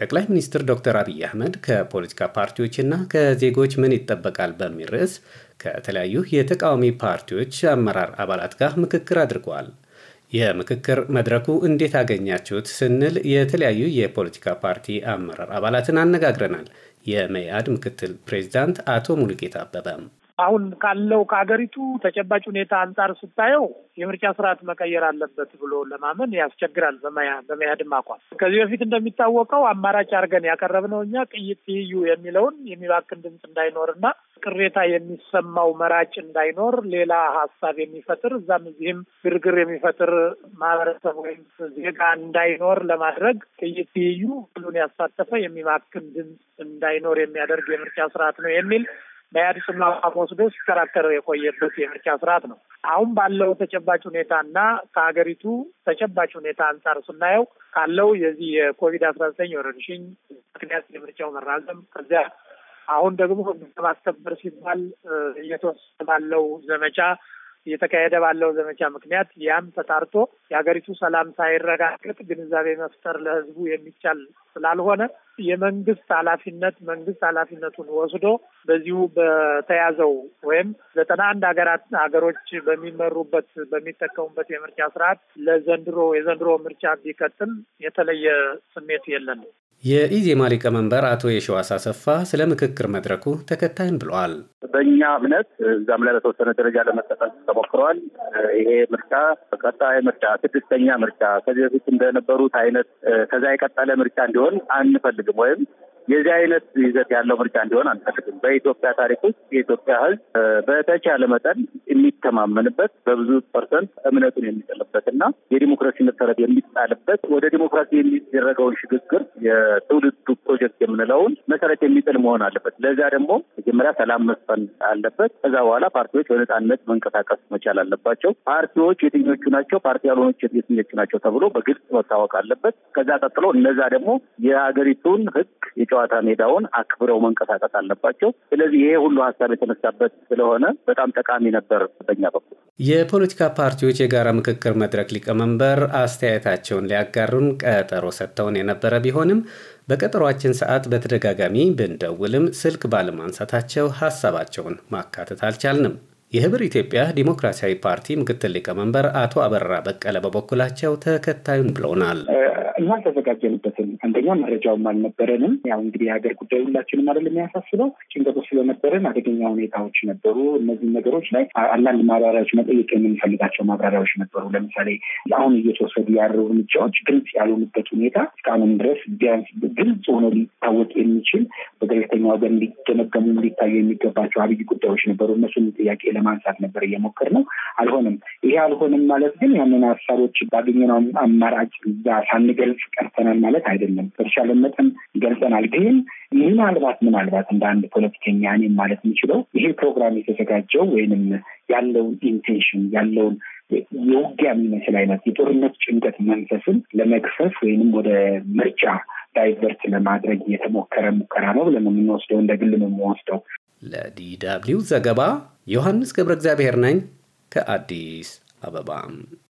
ጠቅላይ ሚኒስትር ዶክተር አብይ አህመድ ከፖለቲካ ፓርቲዎችና ከዜጎች ምን ይጠበቃል በሚል ርዕስ ከተለያዩ የተቃዋሚ ፓርቲዎች አመራር አባላት ጋር ምክክር አድርገዋል። የምክክር መድረኩ እንዴት አገኛችሁት ስንል የተለያዩ የፖለቲካ ፓርቲ አመራር አባላትን አነጋግረናል። የመኢአድ ምክትል ፕሬዚዳንት አቶ ሙሉጌታ አበበም አሁን ካለው ከሀገሪቱ ተጨባጭ ሁኔታ አንጻር ስታየው የምርጫ ስርዓት መቀየር አለበት ብሎ ለማመን ያስቸግራል። በመያድም አቋም ከዚህ በፊት እንደሚታወቀው አማራጭ አድርገን ያቀረብነው እኛ ቅይጥ ትይዩ የሚለውን የሚባክን ድምፅ እንዳይኖርና ቅሬታ የሚሰማው መራጭ እንዳይኖር ሌላ ሀሳብ የሚፈጥር እዛም እዚህም ግርግር የሚፈጥር ማህበረሰብ ወይም ዜጋ እንዳይኖር ለማድረግ ቅይጥ ትይዩ ሁሉን ያሳተፈ የሚባክን ድምፅ እንዳይኖር የሚያደርግ የምርጫ ስርዓት ነው የሚል በኢህአዴግና ወስዶ ሲከራከረው የቆየበት የምርጫ ስርዓት ነው። አሁን ባለው ተጨባጭ ሁኔታና ከሀገሪቱ ተጨባጭ ሁኔታ አንጻር ስናየው ካለው የዚህ የኮቪድ አስራ ዘጠኝ ወረርሽኝ ምክንያት የምርጫው መራዘም ከዚያ አሁን ደግሞ ህግ ማስከበር ሲባል እየተወሰነ ባለው ዘመቻ እየተካሄደ ባለው ዘመቻ ምክንያት ያም ተጣርቶ የሀገሪቱ ሰላም ሳይረጋገጥ ግንዛቤ መፍጠር ለህዝቡ የሚቻል ስላልሆነ የመንግስት ኃላፊነት መንግስት ኃላፊነቱን ወስዶ በዚሁ በተያዘው ወይም ዘጠና አንድ ሀገራት ሀገሮች በሚመሩበት በሚጠቀሙበት የምርጫ ስርዓት ለዘንድሮ የዘንድሮ ምርጫ ቢቀጥል የተለየ ስሜት የለን። የኢዜማ ሊቀመንበር አቶ የሸዋስ አሰፋ ስለ ምክክር መድረኩ ተከታይን ብለዋል። በእኛ እምነት እዛም ላይ በተወሰነ ደረጃ ለመጠቀም ተሞክረዋል። ይሄ ምርጫ ቀጣይ ምርጫ፣ ስድስተኛ ምርጫ ከዚህ በፊት እንደነበሩት አይነት ከዛ የቀጠለ ምርጫ እንዲሆን አንፈልግም ወይም የዚህ አይነት ይዘት ያለው ምርጫ እንዲሆን አንፈልግም። በኢትዮጵያ ታሪክ ውስጥ የኢትዮጵያ ሕዝብ በተቻለ መጠን የሚተማመንበት በብዙ ፐርሰንት እምነቱን የሚጥልበት እና የዲሞክራሲ መሰረት የሚጣልበት ወደ ዲሞክራሲ የሚደረገውን ሽግግር የትውልዱ ፕሮጀክት የምንለውን መሰረት የሚጥል መሆን አለበት። ለዚያ ደግሞ መጀመሪያ ሰላም መስፈን አለበት። ከዛ በኋላ ፓርቲዎች በነፃነት መንቀሳቀስ መቻል አለባቸው። ፓርቲዎች የትኞቹ ናቸው፣ ፓርቲ ያልሆኖች የትኞቹ ናቸው ተብሎ በግልጽ መታወቅ አለበት። ከዛ ቀጥሎ እነዛ ደግሞ የሀገሪቱን ሕግ የጨዋታ ሜዳውን አክብረው መንቀሳቀስ አለባቸው። ስለዚህ ይሄ ሁሉ ሀሳብ የተነሳበት ስለሆነ በጣም ጠቃሚ ነበር በኛ በኩል። የፖለቲካ ፓርቲዎች የጋራ ምክክር መድረክ ሊቀመንበር አስተያየታቸውን ሊያጋሩን ቀጠሮ ሰጥተውን የነበረ ቢሆንም በቀጠሯችን ሰዓት በተደጋጋሚ ብንደውልም ስልክ ባለማንሳታቸው ሀሳባቸውን ማካተት አልቻልንም። የህብር ኢትዮጵያ ዲሞክራሲያዊ ፓርቲ ምክትል ሊቀመንበር አቶ አበራ በቀለ በበኩላቸው ተከታዩን ብለውናል። እና አልተዘጋጀንበትም። አንደኛ መረጃውም አልነበረንም። ያው እንግዲህ የሀገር ጉዳይ ሁላችንም አይደል የሚያሳስበው ጭንቀቶች ስለነበረን አደገኛ ሁኔታዎች ነበሩ። እነዚህ ነገሮች ላይ አንዳንድ ማብራሪያዎች መጠየቅ የምንፈልጋቸው ማብራሪያዎች ነበሩ። ለምሳሌ አሁን እየተወሰዱ ያሉ እርምጃዎች ግልጽ ያልሆኑበት ሁኔታ እስካሁንም ድረስ ቢያንስ ግልጽ ሆኖ ሊታወቅ የሚችል በገለልተኛ ወገን ሊገመገሙ ሊታዩ የሚገባቸው አብይ ጉዳዮች ነበሩ። እነሱን ጥያቄ ለማንሳት ነበር እየሞከር ነው። አልሆንም። ይሄ አልሆንም ማለት ግን ያንን ሀሳቦች ባገኘነው አማራጭ ሳንገል ሳንገልጽ ቀርተናል ማለት አይደለም። በተሻለ መጠን ገልጸናል። ግን ምናልባት ምናልባት እንደ አንድ ፖለቲከኛ እኔም ማለት የምችለው ይሄ ፕሮግራም የተዘጋጀው ወይንም ያለውን ኢንቴንሽን ያለውን የውጊያ የሚመስል አይነት የጦርነት ጭንቀት መንፈስን ለመግፈፍ ወይንም ወደ ምርጫ ዳይቨርት ለማድረግ የተሞከረ ሙከራ ነው ብለን የምንወስደው እንደ ግል ነው የምንወስደው። ለዲደብሊው ዘገባ ዮሐንስ ገብረ እግዚአብሔር ነኝ ከአዲስ አበባ